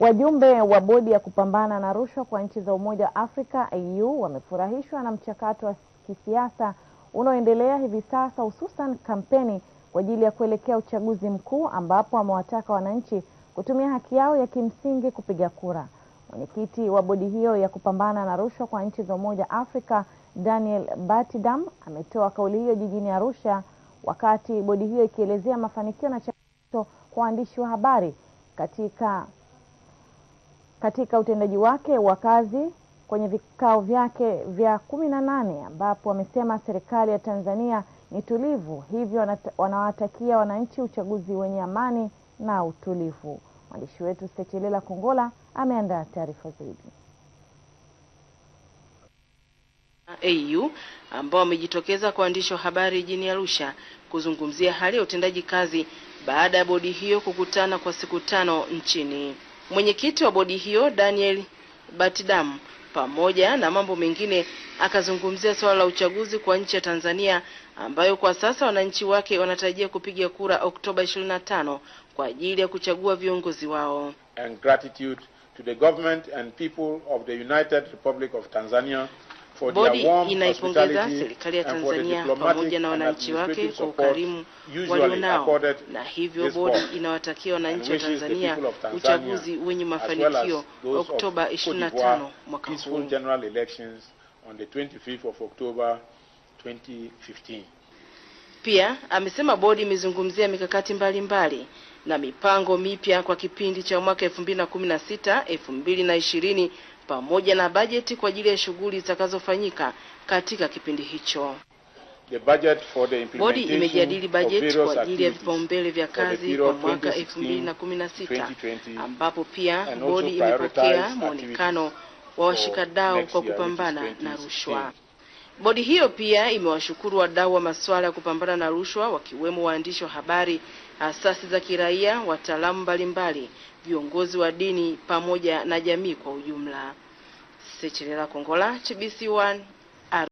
Wajumbe wa bodi ya kupambana na rushwa kwa nchi za Umoja wa Afrika AU wamefurahishwa na mchakato wa kisiasa unaoendelea hivi sasa, hususan kampeni kwa ajili ya kuelekea uchaguzi mkuu, ambapo wamewataka wananchi kutumia haki yao ya kimsingi kupiga kura. Mwenyekiti wa bodi hiyo ya kupambana na rushwa kwa nchi za Umoja wa Afrika Daniel Batidam ametoa kauli hiyo jijini Arusha wakati bodi hiyo ikielezea mafanikio na changamoto kwa waandishi wa habari katika katika utendaji wake wa kazi kwenye vikao vyake vya kumi na nane ambapo amesema serikali ya Tanzania ni tulivu, hivyo wanawatakia wananchi uchaguzi wenye amani na utulivu. Mwandishi wetu Sechelela Kongola ameandaa taarifa zaidi. AU ambao wamejitokeza kwa waandishi wa habari jijini Arusha kuzungumzia hali ya utendaji kazi baada ya bodi hiyo kukutana kwa siku tano nchini. Mwenyekiti wa bodi hiyo Daniel Batidam pamoja na mambo mengine akazungumzia suala la uchaguzi kwa nchi ya Tanzania ambayo kwa sasa wananchi wake wanatarajia kupiga kura Oktoba 25 kwa ajili ya kuchagua viongozi wao. And gratitude to the government and people of the United Republic of Tanzania Bodi inaipongeza serikali ya Tanzania pamoja na wananchi wake kwa ukarimu walionao, na hivyo bodi inawatakia wananchi wa Tanzania uchaguzi wenye mafanikio Oktoba 25 mwaka huu. Pia amesema bodi imezungumzia mikakati mbalimbali mbali na mipango mipya kwa kipindi cha mwaka 2016 2020 pamoja na bajeti kwa ajili ya shughuli zitakazofanyika katika kipindi hicho. Bodi imejadili bajeti kwa ajili ya vipaumbele vya kazi kwa mwaka 2016 ambapo pia bodi imepokea mwonekano wa washikadau kwa kupambana na rushwa. Bodi hiyo pia imewashukuru wadau wa masuala ya kupambana na rushwa wakiwemo waandishi wa habari, asasi za kiraia, wataalamu mbalimbali, viongozi wa dini pamoja na jamii kwa ujumla. Sechelela Kongola, TBC1